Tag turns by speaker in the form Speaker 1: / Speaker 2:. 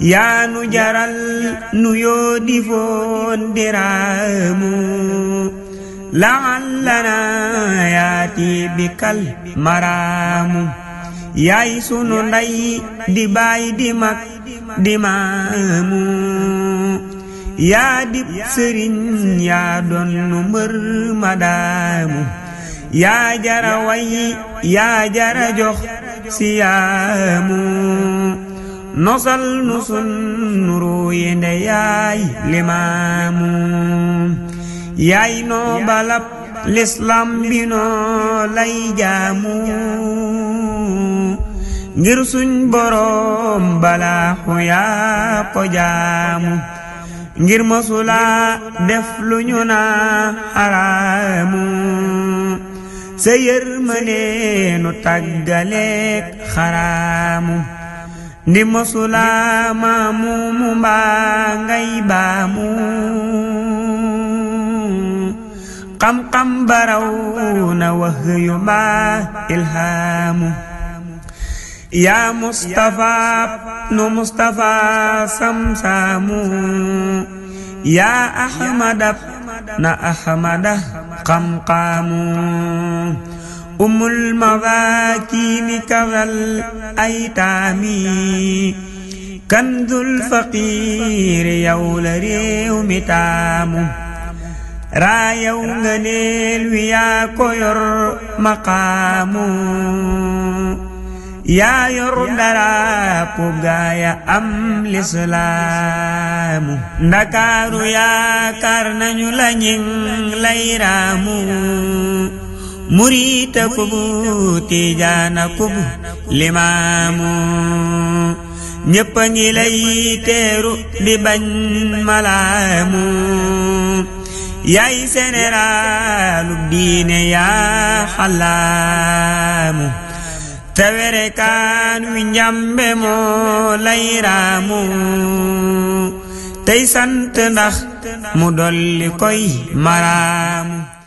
Speaker 1: yaanu jaral nu yoo di foon diraamu laallana yaati bi kal maraamu yaay sunu nday di baay di mag di maamu yaa dib sëriñ yaa doon nu mbër yaa jara way yaa jara jox nosal nu sunu ruuyi nde yaay limaamu yaay noo balab lislaam bi noo lay jaamu ngir suñ boroom balaaxu yaa ko jaamu ngir masulaa def lu naa xaraamu sa yërmande nu tàggaleek xaraamu Di musulama mu mu mbaa ngay baamu ma ilhamu. baraw na ya wax yu mustafa nu mustafa samsamu. Ya ahmad na Ahmadah kam kamu أم المواكين كالأيتام كنز الفقير yow la réew mi taamu raa yow nga neel wi yaa ko yor maqaamu yaa yor ndaraapu gaaya am lislaamu ndakaaru yaakaar nañu la ñing lay raamu muriita kubu tiijaana kubu limaamu ñépp teeru di bañ malaamu yaay seneraalu diine yaa xalaamu tawerekaan wi njambe moo lay raamu sant ndax mu dolli koy maraamu